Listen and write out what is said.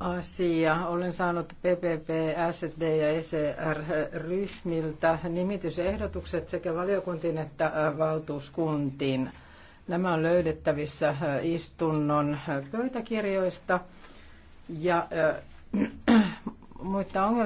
asia. Olen saanut PPP, SD ja ECR-ryhmiltä nimitysehdotukset sekä valiokuntiin että äh, valtuuskuntiin. Nämä on löydettävissä äh, istunnon äh, pöytäkirjoista ja muita ongelmia.